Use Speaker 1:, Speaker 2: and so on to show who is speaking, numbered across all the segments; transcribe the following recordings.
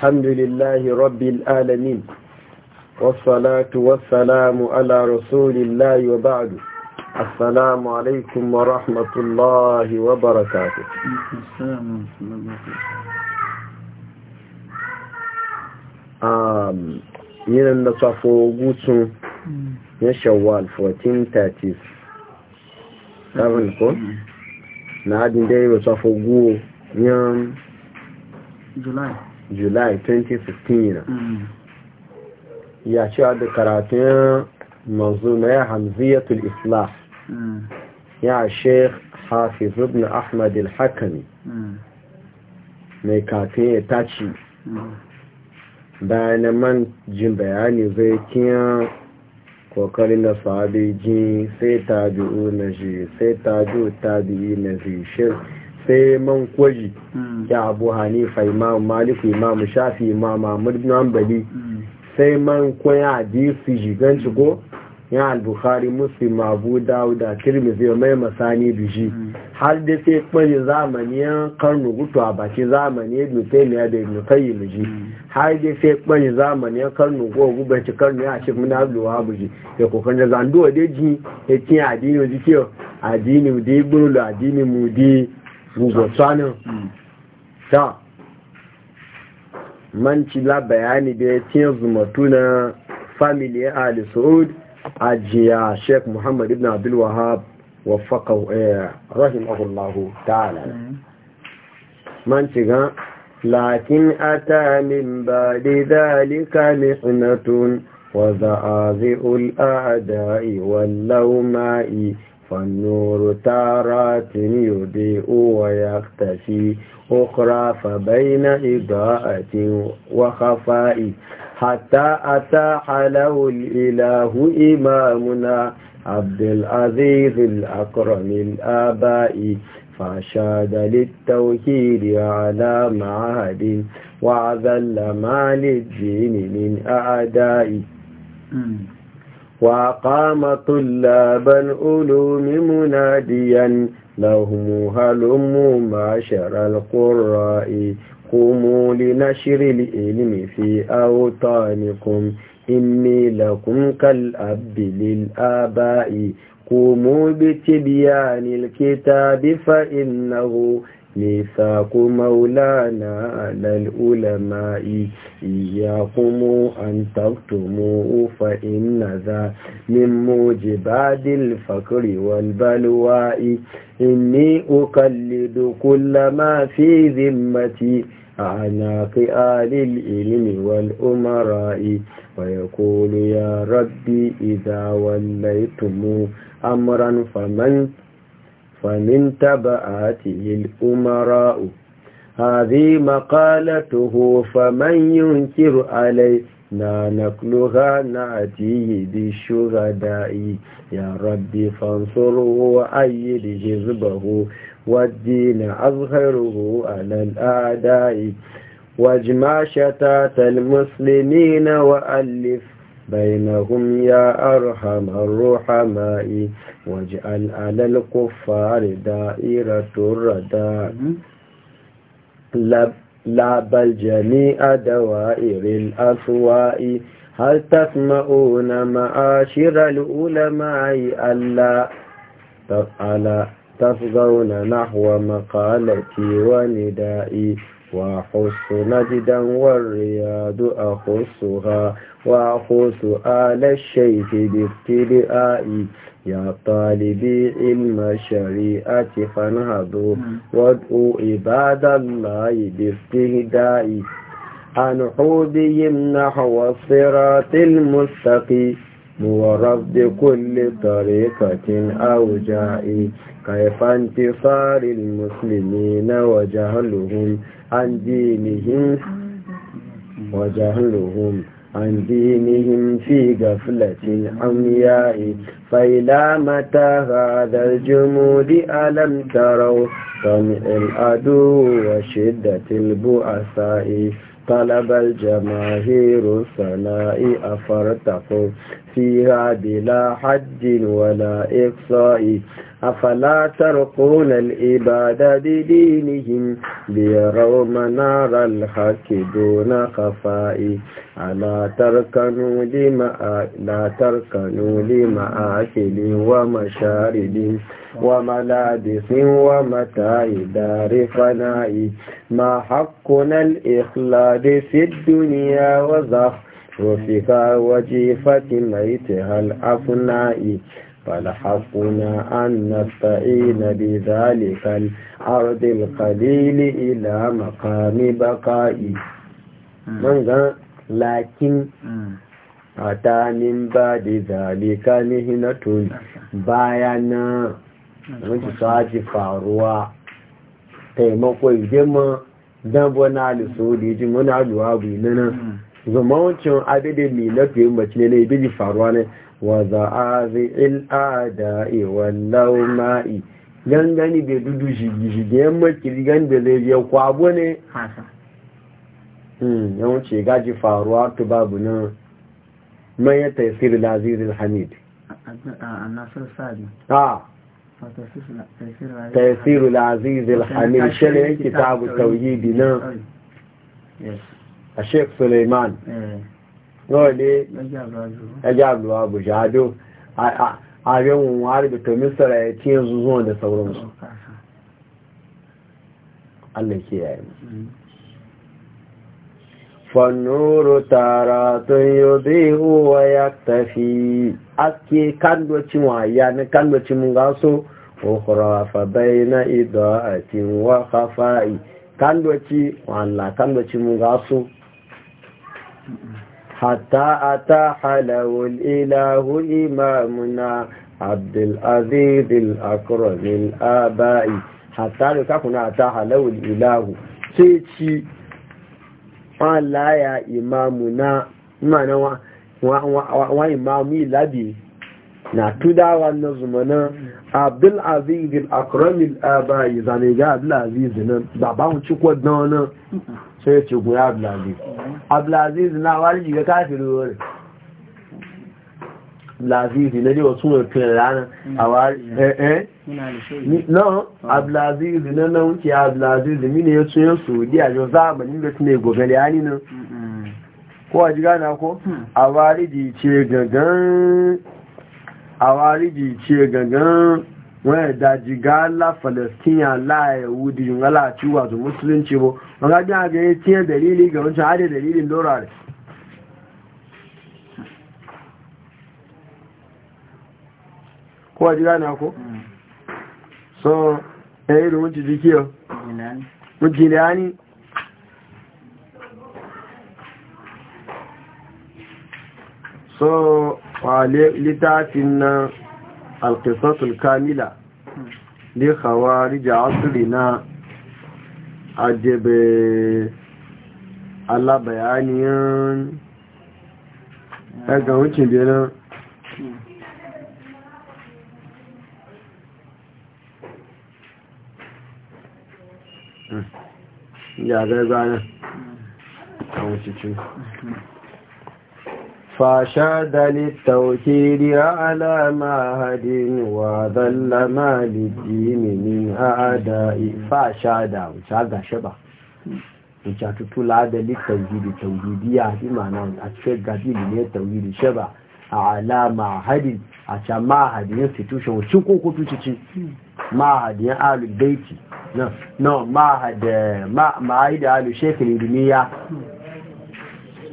Speaker 1: الحمد لله رب العالمين والصلاة والسلام على رسول الله وبعد السلام عليكم ورحمة الله وبركاته السلام عليكم yinan na safo gutsun ya shawwal 1430 sabon ko na adin dai ba safo guwo yan july 2015 na ya cewa da karatun manzu na ya hamziyatul islam ya sheikh hafiz ibn ahmad al-hakami mai kafin ya taci bayanan man jin bayani zai kiyan kokarin da sahabi jin sai tabi'u na ji sai tabi'u tabi'i na shi sai man kwaji hmm. ya abu hanifa imam maliku imam shafi imam ahmad bin hmm. sai man kwaya hadisi jigan ko ya al-bukhari muslim abu dauda tirmidhi mai masani biji hmm. har da sai kwaji ya karnu gutu a baki zamani ya ibn ya da ibn qayyim biji har da sai kwaji ya karnu go gubanci karnu ya ce muna abduwa biji ya kokan da zanduwa da ji ya ci adini ji kiyo adini da ibn adini mudi gugu tsanin ta manci la bayani da ya ce zumatu na ali saud a jiya sheik muhammad ibn abdul wahab wafaka eh, rahimahullahu ta'ala manci ga, lakin ata min ba da zalika mihnatun wa za'azi'ul a'da'i wal ma'i. فالنور تارات يضيء ويختفي أخرى فبين إضاءة وخفاء حتى أتى له الإله إمامنا عبد العزيز الأكرم الآباء فأشاد للتوحيد على معهد وأذل ما للدين من أعدائي وقام طلاب العلوم مناديا لهم هلم معشر القراء قوموا لنشر العلم في أوطانكم إني لكم كالأب للآباء قوموا بتبيان الكتاب فإنه ميثاق مولانا على العلماء إياكم أن تكتموه فإن ذا من موجبات الفقر والبلواء إني أقلد كل ما في ذمتي أعناق آل العلم والأمراء ويقول يا ربي إذا وليتم أمرا فمن فمن تبعاته الأمراء هذه مقالته فمن ينكر علينا نقلها نأتيه بالشهداء يا ربي فانصره وأيد جذبه والدين أظهره على الأعداء واجمع شتات المسلمين وألف بينهم يا أرحم الرحماء واجعل على الكفار دائرة الرداء لا بل جميع دوائر الأسواء هل تسمعون معاشر العلماء ألا ألا تفضون نحو مقالتي وندائي وحس نجدا والرياض أخصها واخو آل الشيخ بابتلاء يا طالبي علم الشريعة فانهضوا وادعوا عباد الله باستهدائي عن حوبهم نحو الصراط المستقيم ورد كل طريقة أو جائي كيف انتصار المسلمين وجهلهم عن دينهم وجهلهم عن دينهم في غفلة عمياء فإلى متى هذا الجمود ألم تروا طمع الأدو وشدة البؤساء طلب الجماهير الثناء أفرتق فيها بلا حد ولا إقصاء أفلا ترقون العباد بدينهم ليروا منار الحق دون خفاء ألا تركنوا لما تركنوا لمآكل ومشارب وملابس ومتاع دار فناء ما حقنا الإخلاد في الدنيا وزخ وزخرفك وجيفة ميتها الأفناء فلحقنا أن نستعين بذلك الأرض القليل إلى مقام بقائي
Speaker 2: من
Speaker 1: لكن أتى من بعد ذلك مهنة بايانا wajen saji faruwa taimako idan ma dambo na aliso da yaji muna luwa bu nan zama wancan adadin lilafi mace ne na ibi faruwa ne wa za a zai il'ada iwallau ma'i gangani bai dudu shigi yan makiri gani bai zai biya kwabo ne yawanci gaji faruwa ta babu nan mai ya taisiri lazirin hamid
Speaker 2: a nasar sa'adu تيسير العزيز الحميد شلعي كتاب التوحيد نعم
Speaker 1: الشيخ سليمان نولي أجاب له أبو جادو abin wari da to misira ya ce yanzu zuwa da sauransu Allah ke yayi mu فالنور تارات يضيء ويكتفي أكي كان وشمع يعني كان وشمع أخرى فبين إضاءة وخفاء كان وشمع وعلا كان وشمع حتى أتى حلو الإله إمامنا عبد العزيز الأكرم الآباء حتى لو كان أتى حلو الإله سيتي wala ya imamu na mana wa wa imamu labi na tudawa na zumana abdul aziz al akram al abai zani ga abdul aziz da ba mu ci kwadna wannan sai ya ce goya abdul aziz abdul aziz na wali ga kafiru abdulaziz ne ne wasu mai fiye ranar a wari eh no abdulaziz ne na wuce abdulaziz mini ya tsoye saudiya yau zamanin da su ne gogale ya ni nan ko a ji gana ko a wari di ce gangan a wari di ce gangan wani ẹ̀dá jìgá ńlá falẹ̀stíyà wudi dìjùn aláàtíwà tó musulunci ṣe wani wọ́n gájá gẹ̀ẹ́ tí dalili ga wancan àádẹ̀dẹ̀lì dalilin rẹ̀ kowa ji gane ko so ya eh, yi rumun ci jikiyo mujilani so wa littafin na alkisatul kamila ni hawa rija asiri na ajebe alabayaniyan ɗaga wucin biyanin yadar ranar a wuce fasha dalit tauhiri alama hadin wa zallama lijiminin adai fasha da wuce ga shaba wuce tutula dalit tauhiri tauhiri ya fi mana a cikin gajini ne tauhiri shaba alama a can ma hadin institution wuce ko kutu cikin ma'adin alul baiti no no da alu shekin duniya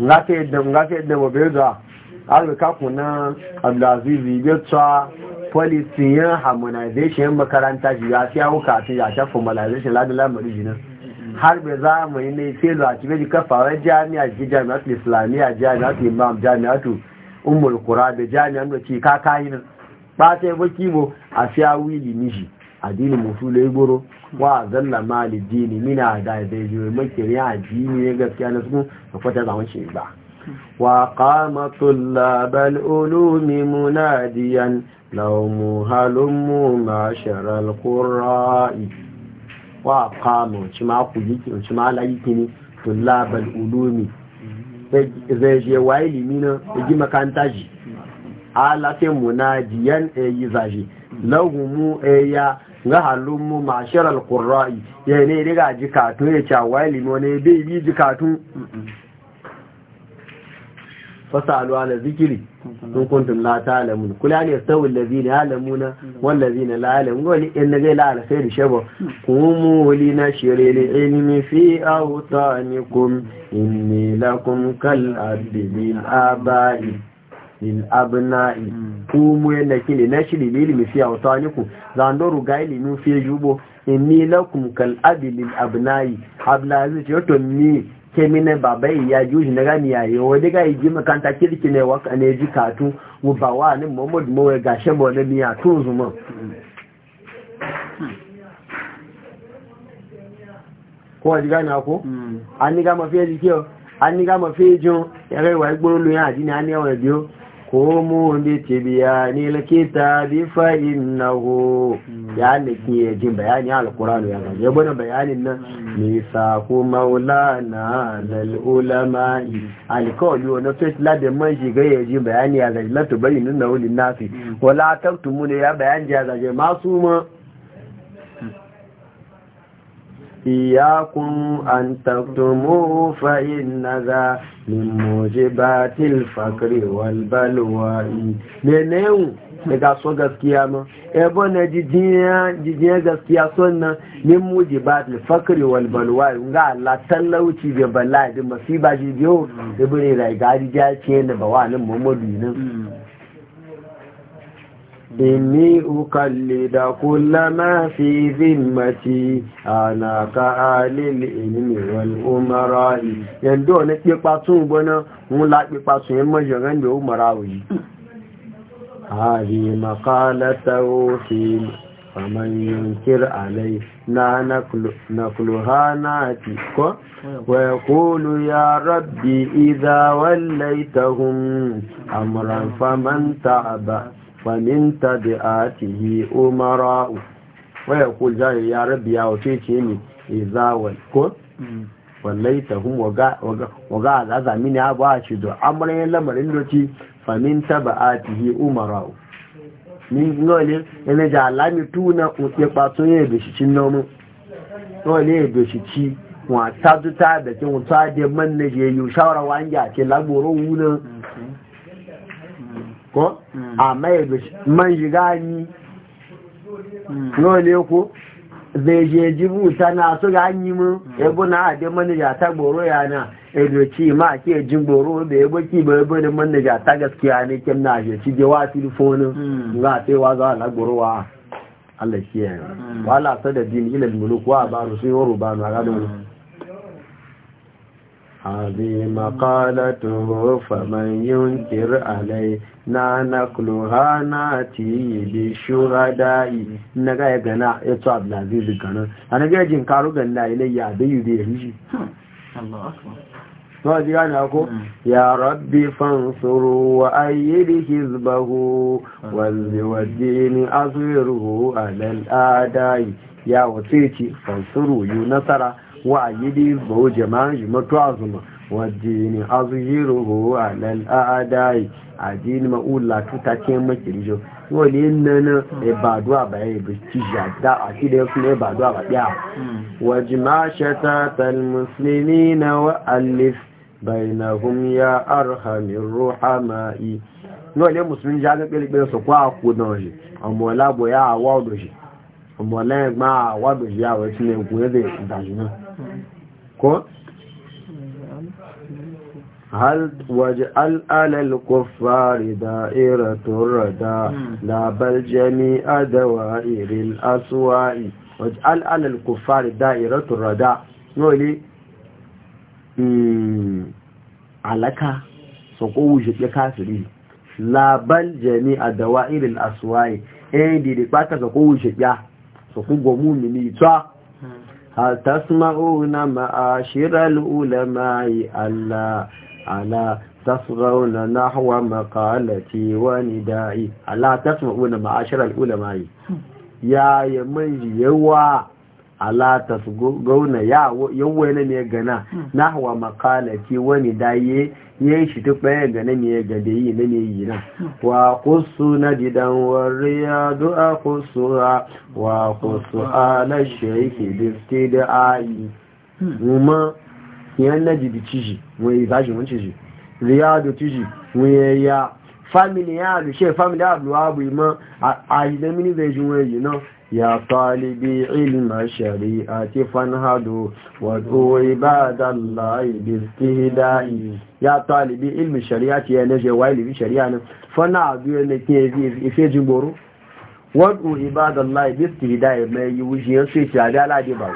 Speaker 1: ngafe da ngafe da mabeza na kakuna abdulaziz ibetsa polisiyan harmonization makaranta shi ya fi wuka ta ya sha formalization ladin lamarin jina har bai za mu yi mai sai zuwa cibiyar jika faruwar jami'a ji su islamiyya su imam su umar kura da jami'a da ce kakayi nan ba sai baki mo a fi wili nishi addinin musulai goro wa zalla mali dini mina da zai jiwe makiri addini ne gaskiya na su da kwata zaman shi ba wa qama tullabal ulumi munadiyan law muhalum ma'sharal qurra'i wa kama ci ma ku yiki ci ma la yiki ni tullabal ulumi zai je wa ilimi na gi makanta ji ala sai munadiyan e yi zaje lahumu e ya nga halin mu mashar alkurra'i ya ne riga jikatu ya cawa ilimi ne bai bi jikatu fasalu ala zikiri in kuntum la ta'lamun kul ya yastawi allazina ya'lamuna wal ladzina la ya'lamun wani in nabi la ala khairu shaba qumu lina shiril ilmi fi awtanikum inni lakum kal abdil abai lil abna'i ku mu yana kile na shi shiri lil misiya wa taliku zando ruga mu fi jubo inni lakum kal abi lil abna'i habla aziz to ni kemine baba yi ya juji na gani ya yi wani ga iji makanta kirki ne waka ne ji katu mu ba wa ni muhammadu mawai gashe ba wani miya tun zuma ko wani gani ako hmm. an ni gama fiye jikiyar an ni gama fiye jin ya rai wa igboro lo ya aji ne an yawan biyo komo bi tibiyani bi fa innahu ya liki ya bayani alqur'ani ya gaje bana bayani na. ni sa ku maulana lal ulama alkawli wa la da man shi ga ya bayani ya gaje la tubayinu na ulil wala taktumu ya bayani ya gaje masuma إياكم أن تكتموه فإن ذا من موجبات الفقر والبلواء منه daga so gaskiya ma ebo na jijiya gaskiya sunna min muji mujibat al-fakr wal balwa ga Allah talauci bi bala'i bi masiba ji biyo ibn rai ga jijiya ce da nan Muhammadu nan Inni ukalli da kula ma mati a na ka alili inni mi wani umara yi. wani kipa tun gbona mun laɓi kpasu yin mashi ran da umara wuyi. A yi makala ta wofi a manyan alai na na kulu ko? Wa ya rabbi idawan laitahun amuran faman ta'aba famin tabi'atihi umara'u waya ko jaye ya rabiya wace ce ne izawar, ko wallaita hum waga waga azaza mini abu a ce do amrin lamarin doci famin tabi'atihi umara'u ni ngole ene ja lami tuna uke pato ye be shi nomu ngole be shi ci wa taduta da kin ta de man ne je yu shawara wanja ce laboro wuna ko mm. amma ya bi man shiga ni mm. nole ku? zai je jibu tana su ga mu. Ya mm. yabo na adin manaja ta goro yana edoci ma ke jin goro da ya baki ba yabo da manaja ta gaskiya ne kin na je ci jewa telefonin za a tewa za a na wa Allah shi ya yi wala ta da din ilal muluk wa ba su yi waro ba na gado mu هذه مقالته فمن ينكر عليه na na kuloha na ti yi shura da'i na ga ya gana ya tso abdulaziz gana a na jin karu ganda ya da yi da ya rishi
Speaker 2: hmm.
Speaker 1: ba ji gane ko hmm. ya rabbi fansuru wa ayyidi hizbahu wanzu wa dini azwiruhu a adai ya wace ce fansuru yi nasara wa ayyidi hizbahu jama'a yi mutu azuma. والدين أظهره على الأعداء الدين ما أقول لا تتكلم مكرجو وليننا إبادوا بأيب تجادا أكيد يكون إبادوا بأيب واجمع شتات المسلمين وألف بينهم يا أرحم الرحماء نولي مسلمين جاءوا بيقول سقوا أقود نوجي أمو لا بويا أعواد نوجي أمو لا يجمع أعواد نوجي أعواد نوجي أعواد نوجي أعواد نوجي هل واجعل على الكفار دائرة الردى لا بل جميع دوائر الأسواء واجعل على الكفار دائرة الردى نولي alaka sako wujud ya kafiri labal jami'a da wa'irin aswaye eh dide bata sako wujud ya sako gomu mini tsa hal tasma'una ma'ashiral ulama'i Allah على tasghauna نحو مقالتي وندائي على تسمعون معاشر ma'ashara يا ulama ya ya manji يا ala ya نحو مقالتي وندائي gana shi duk bayan ga ne ya gade yi na ne yi nan wa kusu na gidan wariya du'a kusu wa kusu ala shaykh bi istida'i kuma hmm. yan najibi ciji wai zaji mun ciji riyadu ciji wai ya family ya a yi nan ya talibi ilma shari'ati fanhadu wa duwa ibadallahi bi istihdai ya talibi ilmi shari'ati ya naje wai ilmi shari'a nan fanhadu ne ke ife jimboro wa duwa ibadallahi bi istihdai mai yi wujiyar sai ta ga alade ba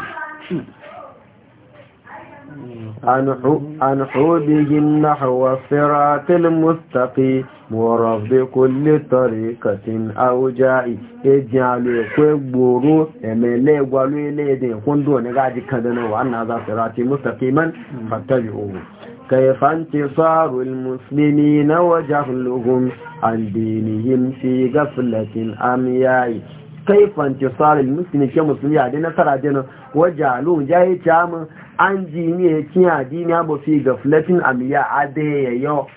Speaker 1: عن حوبهم نحو الصراط المستقيم ورب كل طريقة أوجاء اجعل كبورو املي ولي ليدي كندو نقاعد كدنا وعن هذا صراط مستقيما فاتبعوه كيف انتصار المسلمين وجهلهم عن دينهم في غفلة أمياء taifan tisarar musulmi ke musulmi a dina tara dina wajen alun ya yi camu an ji ne ya kin adini abu fi ga flatin amiya ade ya yau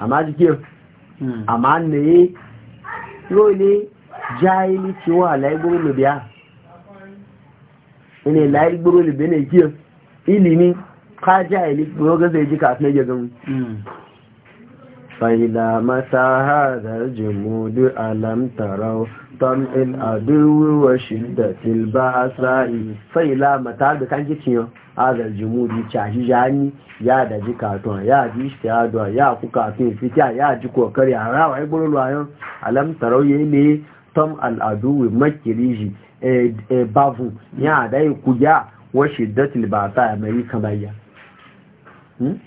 Speaker 1: amma jike amma ne yi lole jahili cewa laigboro libya ne laigboro libya ne ke ilimi ka jahili ga zai ji kafin ya gani فإذا مسى هذا الجمود ألم تروا tam'il aduwi wa tilba ba'sa'i sai la mata da kan gici yo azal jumuri chahi jani ya da ji katon ya ji istiyado ya ku kafin fitiya ya ji kokari harawa ai burulu ayon alam tarauye ne tam al makiri makiriji e bavu ya da ku ya wa shiddatil ba'sa'i mai a hmm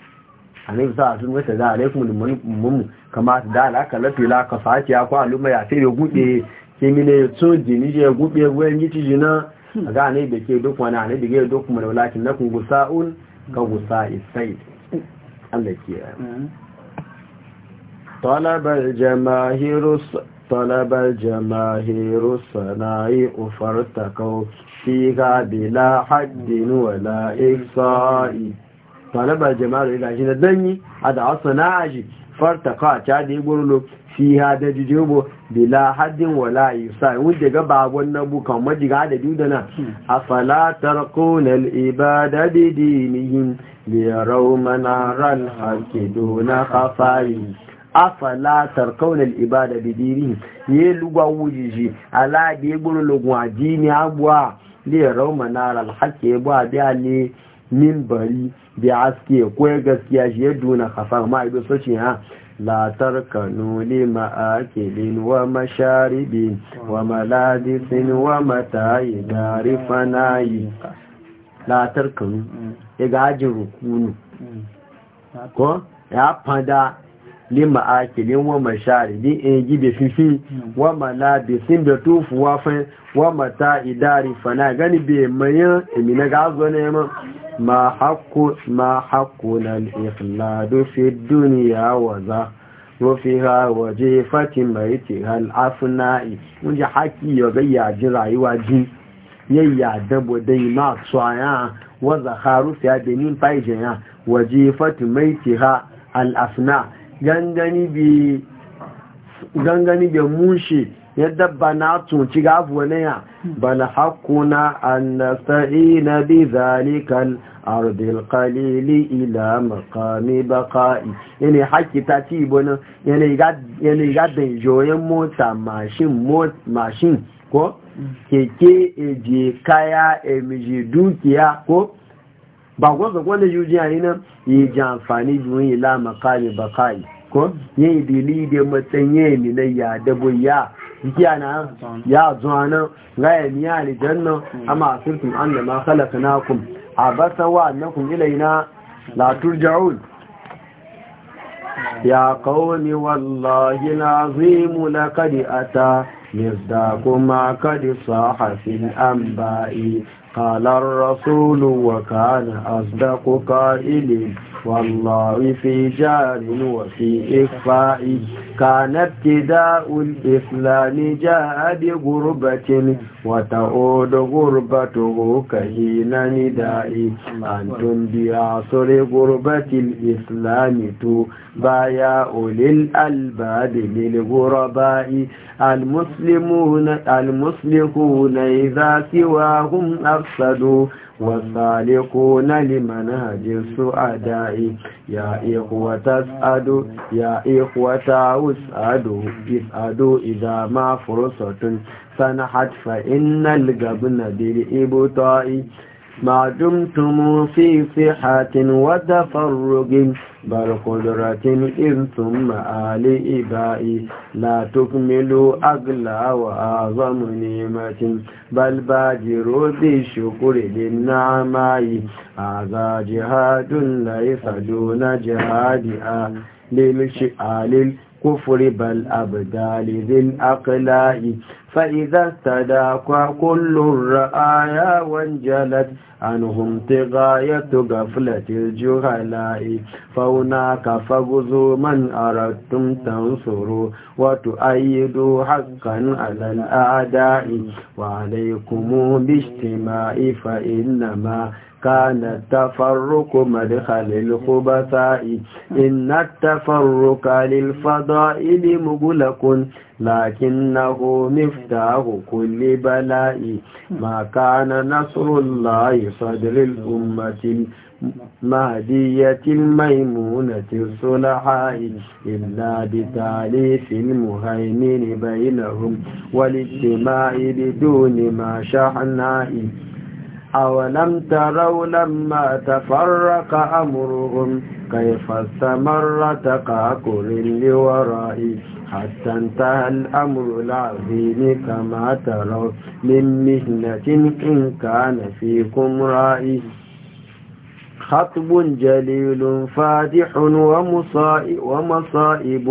Speaker 1: annabi sa sun wata da alaikum liman mum kama da alaka lafi la fati ya kwa aluma ya sai da gude kemile so jini je gube gwen yiti jina ga ne be ke duk wani ne da ke duk mana walakin na kun gusa'un ka gusa isai Allah ke mm-hmm. talabar jamahiru talabal jamahiru sana'i ufarta ka fi ga bila haddin wala iksa'i talabar jamahiru ila jina danyi ada da farta ka ta da gurulu fi ha da jijiyobo bila haddin wala isa wanda ga babon na bukan majiga da dudana hmm. afala tarquna al ibada bi dinihim li yaraw manaral haqqi duna khafai afala tarquna al ibada bi dinihim ye lugwa wujiji ala bi gburu lugwa ajini abwa li yaraw manaral haqqi abwa bi ali min bari bi aske ko gaskiya shi duna khafai ma ibe sochi ha لا تركنوا لمآكل ومشارب وملابس ومتاع دار فناي لا تركنوا يجاجروا كونوا كو يا فدا lima ma'akilin wa masharidi in da fifi wa mana da tufuwa tufu wa mata idari fana gani be mayan na gazo ne ma ma hakku ma hakku na ikhladu fi dunya wa za waje fati mai ce Mun ji haki ya ga yaji rayuwa ji yayya dabo dai ma tsaya wa zakaru fiya benin ya? waje fati mai al al'afina'i gangani bi mushe yadda ba na tunci gafu wani ya ba na hakuna an nasa'i na bi zalikan ardil kalili ila makami baka'i yana haki ta ci ibonin yana gadon joyen mota mashin ko mm. keke eje kaya emiji dukiya ko ba kwanza kwanda yuji a yi nan yi ji amfani da wani la makami bakali ko yi bili da matsayin yi milai ya dabo ya jikiya na ya zuwa nan gaya miya da janna amma masu tun an da makalaka na kun a basa wa na kun ilai na latur ja'ul ya kawani wallahi na zimu na kadi ata مصداق ما قد صاح an ba'i قال الرسول وكان أصدق قائل والله في جار وفي إخفاء كان ابتداء الإسلام جاء بغربة وتعود غربته كهين نداء أنتم بعصر غربة الإسلام تبايا أولي الألباب للغرباء المسلمون المسلمون إذا سواهم تحصدوا والسالكون لمنهج السعداء يا إخوة أسعدوا يا إخوة أسعدوا اسعدوا إذا ما فرصة سنحت فإن القبن بالإبطاء ما دمتم في صحة وتفرق bal kudratin in tun ma'ali iba'i la tukmilu agla wa azamu nimatin bal ba jiro bi shukuri din namayi a za jihadun laifado na jihadi a lil كفر بل أبدال ذي الأقلاء فإذا استداق كل الرآيا وانجلت عنهم تغاية غفلة الجهلاء فهناك فغزوا من أردتم تنصروا وتؤيدوا حقا على الأعداء وعليكم باجتماع فإنما كان التفرق مدخل الخبثاء إن التفرق للفضائل مغلق لكنه مفتاح كل بلاء ما كان نصر الله صدر الأمة مهدية الميمونة الصلحاء إلا بتاليف المهيمن بينهم والاجتماع بدون ما شحناء أولم تروا لما تفرق أمرهم كيف استمر تقاكل لورائي حتى انتهى الأمر العظيم كما تروا من مهنة إن كان فيكم رائي خطب جليل فادح ومصائب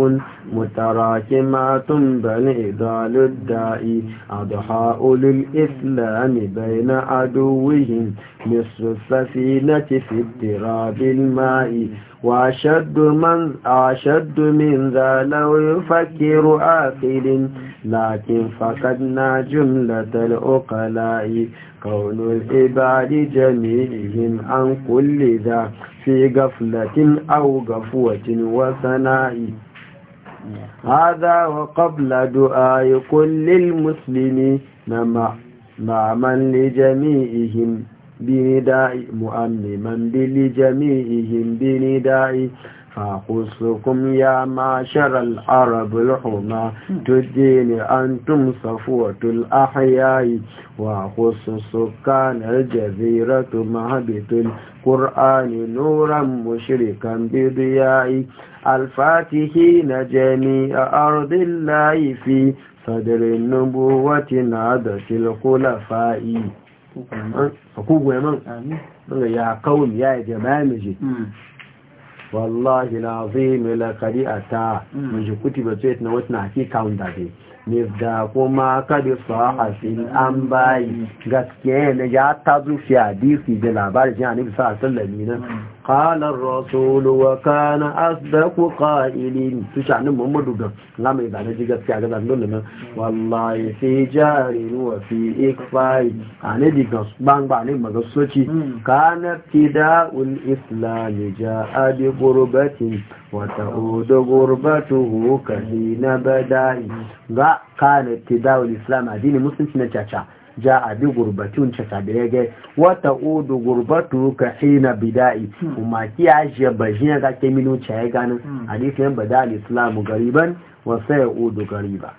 Speaker 1: متراكمات بل إضال الداء أضحاء للإسلام بين عدوهم مصر السفينة في اضطراب الماء وأشد من, أشد من ذا لو يفكر آخر لكن فقدنا جملة الأقلاء كون العباد جميعهم عن كل ذا في غفلة أو غفوة وثناء هذا وقبل دعاء كل المسلمين مع من لجميعهم بنداء مؤمما لجميعهم بنداء أخصكم يا معشر العرب الحمى تدين أنتم صفوة الأحياء وأخص السكان الجزيرة مهبط القرآن نورا مشركا بضياء الفاتحين جميع أرض الله في صدر النبوة نادة الخلفاء أقول يا من يا قوم يا جماعة wallahi lazim lakari a ta mashi mm. kuti ba tsoye na wasu na haƙi kawun da ke da kuma kada su hafin an bayi mm. gaskiya ne ya ta zuciya disi da labarin shi a nufi sa sallami nan قال الرسول وكان اصدق قائلين تشعن محمد وقف لما إذا نجيك في عقد أنه والله في جار وفي إكفاء انا دي بان بان ما مقصوتي كان ابتداء الاسلام جاء بقربة وتعود غربته كحين بدائي كان ابتداء الاسلام دين مسلم سنة ja a bi gurbatun ce ta da ga wata udu gurbatu ka hina bida'i kuma kiya shi ba shi ya ga ke minu ce ya gani hadisi yan bada al-islam gariban wa sai udu gariba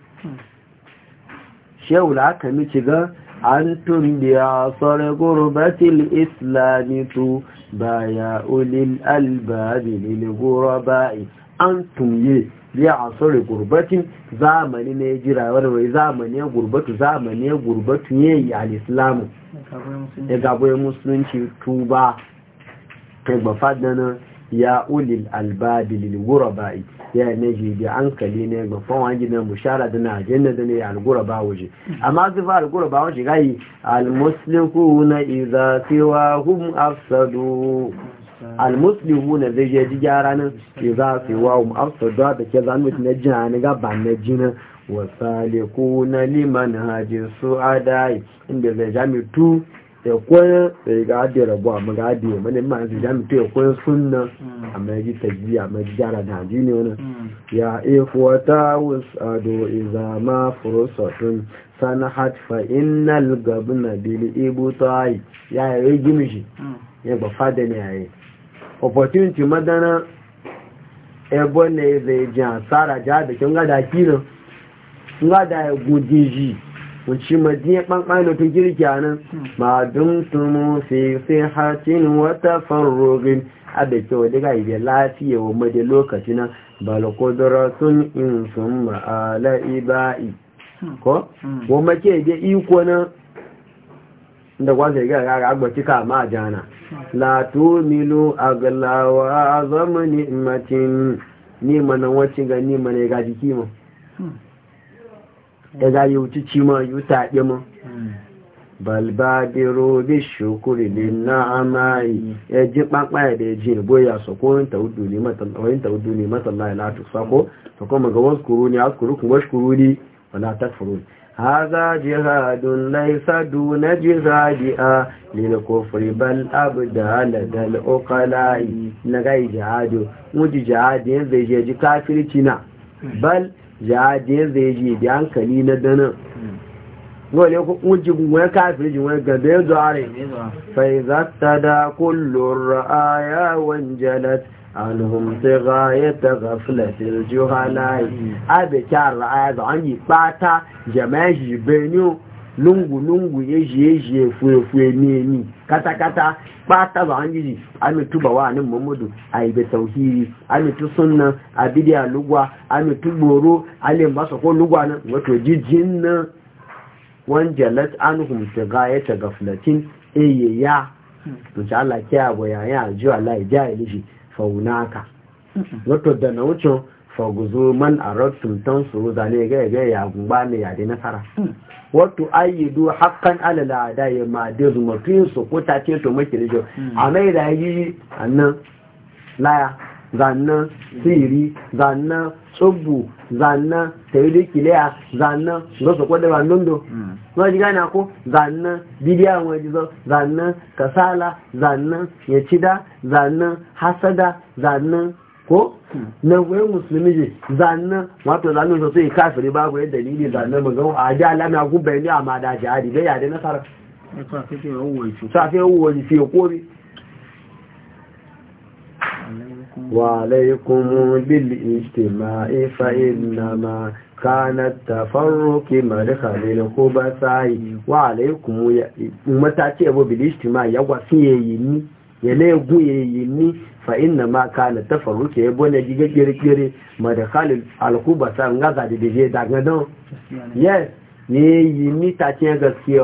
Speaker 1: shehu la aka mi ci ga antum biya sare gurbatil islami tu baya ulil albabi lil gurba'i antum yi liya a sauri gurbatin zamani ne jira wani wai zamani ya gurbatu zamani ya gurbatu ne yi al'islamu ya musulunci tuba kagba fadana ya ulil albabi lilgura ba'i ya ne jibi an kali ne ga fawan gidan mushara da na jina da ne algura ba waje amma fa algura ba waje gayi almusliku na idza siwa hum afsadu almuslihu na zai je ji gyara nan ke za su yi wa mu amsarda da ke zanu na jina ni gaba na jina wa saliku na liman hajji su adai inda zai jami tu ya koya da ya gadi rabu a magadi ne ma jami tu ya kwaya sunna a mai ji a mai gyara da hajji ne wani ya ifuwata wasado iza ma furusatun sanahat fa innal gabna bil ibutai ya yi gimishi ya ba fada ne yayi opportunity madana ebo ne zai ji asara ja da kin ga daki nan kin ga da gudiji kunci madiyan ɓanɓan da tun kirki a ma dun tumu fi fi hatin wata farrogin abeke wadda diga ibe lafiya wa madi lokaci na balkodoro sun in sun ma'ala iba'i ko wa make ide iko nan da kwasa ga agbaci kama a jana la tumilu aglawa zama ni'matin nima nan wacce ga nima ne ga jiki ma ya ga yi wuce ci ma yi taɗe ma balbadiro bi shukuri ne na amayi ya ji ɓanɓaya da ya ji ne boya su ko yin taudu ne matsalaye latu sako ta kuma ga wasu kuru ne a kuru kuma shi kuru ne wala ta furu هذا جهاد ليس دون جهاد للكفر بل أبدا لدى الأقلاء نغاي جهاد مجي جهاد ينزي جهاد كافر تنا بل جهاد ينزي جهاد ينكلي ندنا wọ́n yóò kún jí wọ́n جهاد jí wọ́n gẹ̀dẹ̀ zọ́rẹ̀ fẹ̀yìzátàdá kúlò ra'áyá wọ́n anhum sai gaya ta gafila fil juhalayi abe kyar ra'aya da an yi bata jama'a shi benin lungu-lungu yejiye-jiye fuye-fuye nemi kata katakata ɓata ba an yi amitu ba wa nan mamadu a ibe tauhiri amitu sunna a bidiya lugwa amitu gboro alim ba ko lugwa nan wato jijin na wan jalat an humta gaya ta gaflatin eye ya insha Allah kiya boyayen ajiyo Allah ya ja ilishi faunaka wato da na wucin faguzo man a tan su zane ga ga ya gumba ne ya dai nasara mm. wato do hakan alala da ya ma da zumatun su kuta ce to maki rijo mm. a mai da yi annan laya zannan siri zannan tsogbu zanna tawili kiliya zanna zo su kwada ba nundo ma mm. ji gane ko zanna bidiya wa zo zanna kasala zanna yacida zanna hasada zanna ko mm. na wai musulmi ji zanna wato zanna su yi kafiri babu yadda dalili zanna mu ga a ji a gubbe ne ma da jihadi da bai yadda nasara safe yawon wani fiye kori وعليكم بالاجتماع فإنما كان التفرق مدخل الخبثاء وعليكم متاتي أبو بالاجتماع يوافيه يني يلغو يني فإنما كان التفرق يبو نجي جيري جيري مدخل الخبثاء نغزا دي دي دي دي دي دي يني دي دي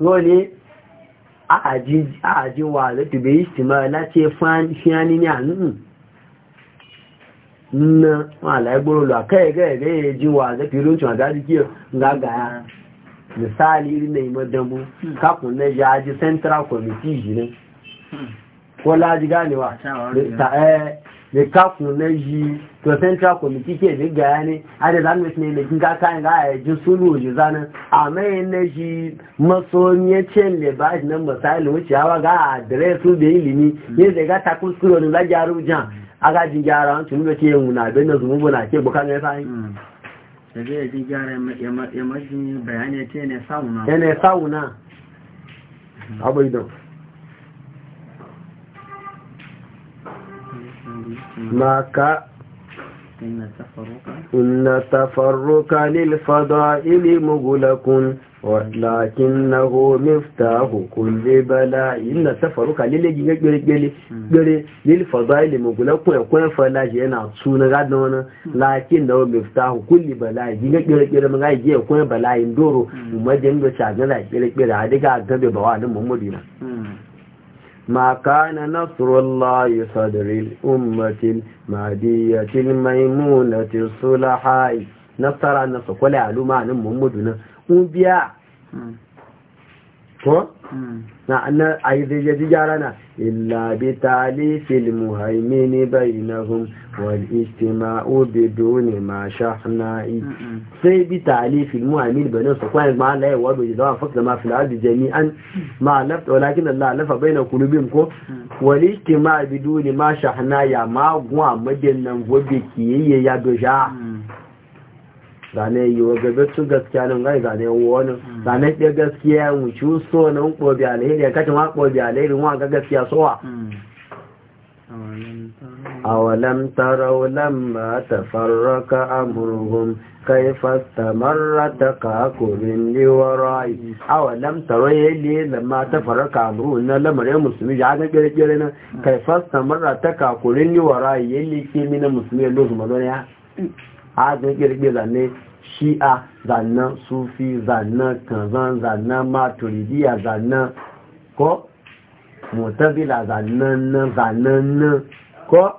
Speaker 1: wani ààjí wà lẹ́tùbẹ̀ ìsìnmá láti fíání ní àánú nná wọn àlàígbòrò lọ akẹ́ẹ̀kẹ́ẹ̀kẹ́ èjì wà lẹ́tù olóòtún àgájú kí ǹgàgà na na ya hmm. hmm. ya ji the kafin na ji to central committee ke aka anyị ne a da zanen ne ga a ji sulu ji zanen a mai na ji masoniyacin da ba shi nan misali ga adiresu da ilimi ne da ga takun suro ne za gyaru a ga ji gyara wani tunu da ke yin wuna bai na zumubu na ke bukan mm. ya sa'in ji ya bayani ne sa'una ne sa'una abai maka inna tafarruka lil fada'ili mughlaqun walakinahu miftahu kulli bala inna tafarruka lil gigere gele gere lil fada'ili mughlaqun yakun fala je na tsuna gadan wana lakinahu miftahu kulli bala gigere gere mun ga je yakun bala indoro mu majin go cha ga gigere gere adiga gabe bawa da mu mudina ma kana nasrullahi sadril ummatil madiyatil maimunatil sulahai nasara nasu kwale alu ma'anin muhammadu na ubiya ko hmm. na anna ayi zai yaji gyara illa bi tali fil muhaimini bainahum wal istima'u biduni ma shahna hmm, hmm. sai bi tali fil muhaimin bainahum so kwanin ma la ya wado ji zama ma fil ardi jami'an ma laft walakin Allah lafa bainal kulubim ko wal istima'u biduni ma shahna ya ma gwa madannan gobe kiyaye ya dosha zane yi wa gabatun gaskiya nan gai zane wani zane ɗaya gaskiya ya wuce so nan ƙobi alheri ya kacin wa ƙobi alheri wa ga gaskiya so wa. a walam tarau lam ba ta farraka ka murhum kai fasta marra ta kakurin liwara yi a walam tarau ya yi lamma ta farraka ka murhum na lamarin musulmi ya ga kere-kere na kai fasta marra ta kakurin liwara yi yi ne ke mina musulmi ya lozu ya. a zan kirgbe zane shi'a zannan sufi zannan kanzan zannan maturidiya zannan ko mutabila zannan nan zannan nan ko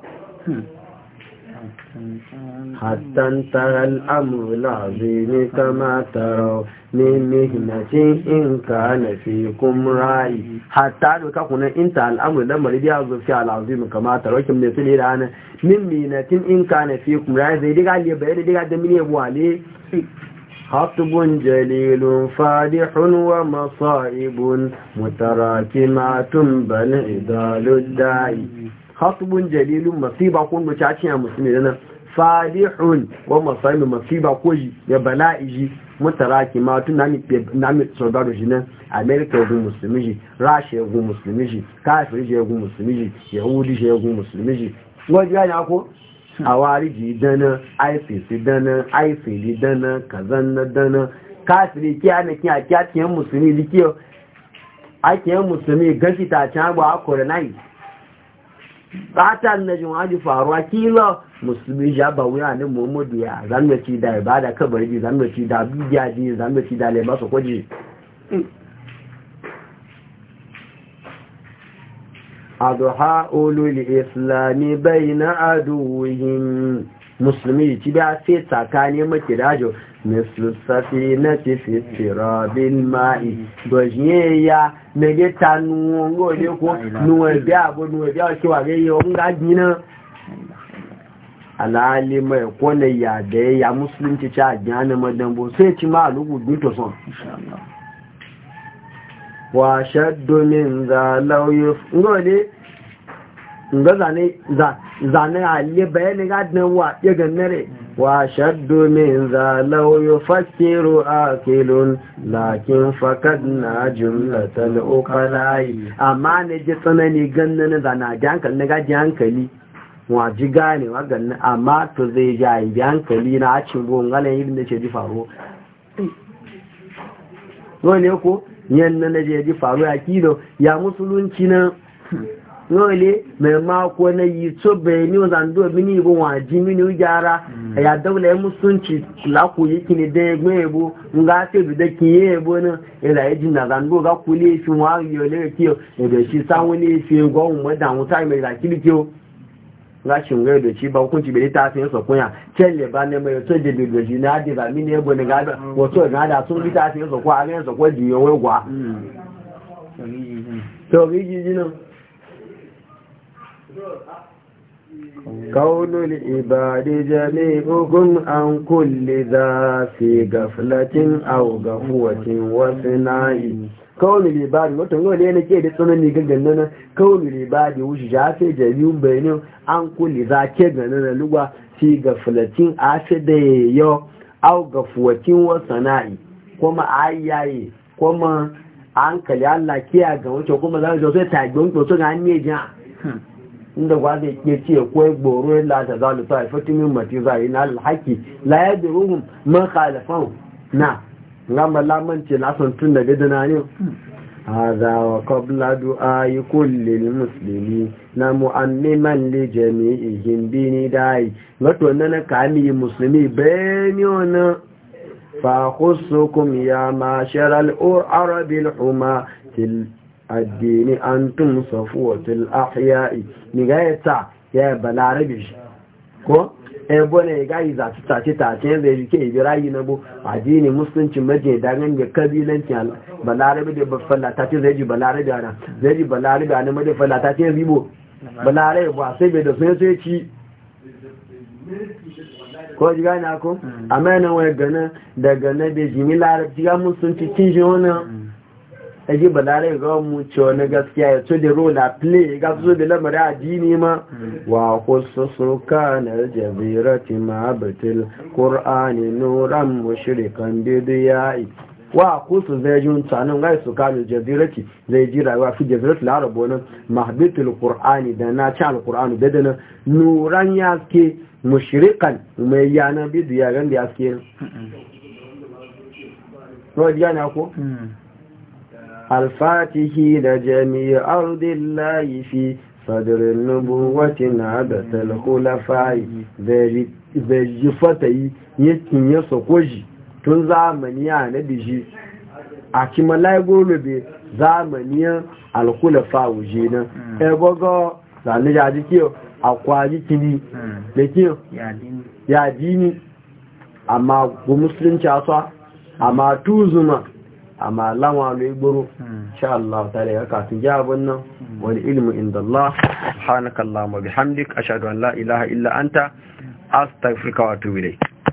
Speaker 1: hattan taral zai zini kama tarau mimmihinacin in ka na fi kumra'i hatta da ka kuna inta al'amur dan mari biya zo fi kamata rakin mai su ne da hannun mimmihinacin in ka na fi kumra'i zai diga liya bayan diga da mini wale حطب جليل فادح ومصائب متراكمات بل عدال الداعي حطب جليل مصيبة كون متعشية مسلمين فادح ومصائب مصيبة كوي يا بلائجي mutaraki ma tun na mi soldado shi nan amerika ya gun musulmi shi rasha ya gun musulmi ji kafir ji ya gun musulmi shi yahudi ji ya gun ji shi wajen yana ko a wariji dana isis dana isil dana kazan na dana kafiri kiya na kiya kiya kiyan musulmi zikiyo a kiyan musulmi gashi ta can agba akwai na bata na waje faruwa kila musulmi ya ba wuya ne muhammadu ya ci da ibada kabari ci da bibiya ji ci da lema su kwaji aduha'u bayi islami bayna wuyin musulmi ci ba sai tsakanin makidajo mislu safinati fi sirabil ma'i dojiye ya mege tanu ngo le ko nuwe bi abo nuwe wa nga alali mai kone ya da ya musulunci ci a jana madambo sai ci ma alugu to son wa shaddu min za ngole nga zane zane a le bayani ga dinan wa ya gannare وشد من ذا لو يفكر آكل لكن فقدنا جملة الأقلاء أما نجي صنعني جنن ذا ناجانك لنجا waji ganewa ganin amma to zai ja yi na acin gogon ganin irin da ce ji faru ne ko yan na je ji faru ya kido ya musulunci na nole mai mako mm. na yi so bayani wa zando mini ibo wa ji mini gyara ya daula ya musunci laku kini da e ya gbe ebo nga te bi da ki ebo na ila ya jina zando ga kuli efi wa yo le ki e be shi san wani efi go mu ma nga shi nga edochi ba ya ba na na adịba gwa قول العباد جميعهم عن كل ذا في غفلة أو غفوة وفناء كون العباد وتنقول لي أنا كيدي تنمي غنغننا كون العباد وشجافي جميعهم بينهم عن كل ذا كغننا لغا في غفلة أفدي يو أو غفوة وفناء كما آيائي كما أنكلي الله كيا غنوشو كما ذا جوزي تاجون كما ذا جوزي
Speaker 2: تاجون
Speaker 1: inda ba zai ke ce kuwa yi boro yadda ta za da tsaye fatin yin mace za a yi na alhaki la yadda rumun man khalifan na nga malaman ce na tun da gada na a zawa kabla da a musulmi na mu'amman le jami'i hindi ni dai mato na na musulmi bayani wani fa kusurkun ya ma shirar al'urar addini an tun safuwatul ahya'i ni ga ya ta ya balarabe shi ko ebo ne ga yi za su tace tace zai rike yi na bu addini musulunci maje da gan ga kabilanci balarabe da bafalla ta ce zai ji balarabe ana zai ji balarabe ana maje falla ta ce ribo balarabe ba sai bai da sun sai ci ko ji gane ko amma yana wani gana daga na bai jimi larabci ga musulunci cin shi wannan aji rai ga mu ce wani gaskiya ya to da rola play ga su da lamari addini ma wa khususu kana jazirati ma batil qur'ani nuran mushrikan bidiyai wa kusu zai ji mutanen gai su kanu jazirati zai ji rayuwa fi jazirati larabo nan mahbitul qur'ani da na ci alqur'ani da da nuran yaske mushrikan mai yana bidiya ganda yaske ko diga na ko الفاتحين جميع أرض الله في صدر النبوة عبث الخلفاء ذي فتي يكن يسقوجي tun zamani ya na biji a kima laigolobe zamaniyan alkulafa wuje nan ebogo zane ya ji kiyo a kwaji kini da kiyo ya dini amma ga musulunci a amma tuzuma amma lama mai gburu hmm. sha Allah ta da ya katun nan hmm. wani ilimi inda Allah
Speaker 2: subhanakallah wa bihamdik ashhadu an la ilaha illa anta hmm. astaghfiruka wa atubu ilayk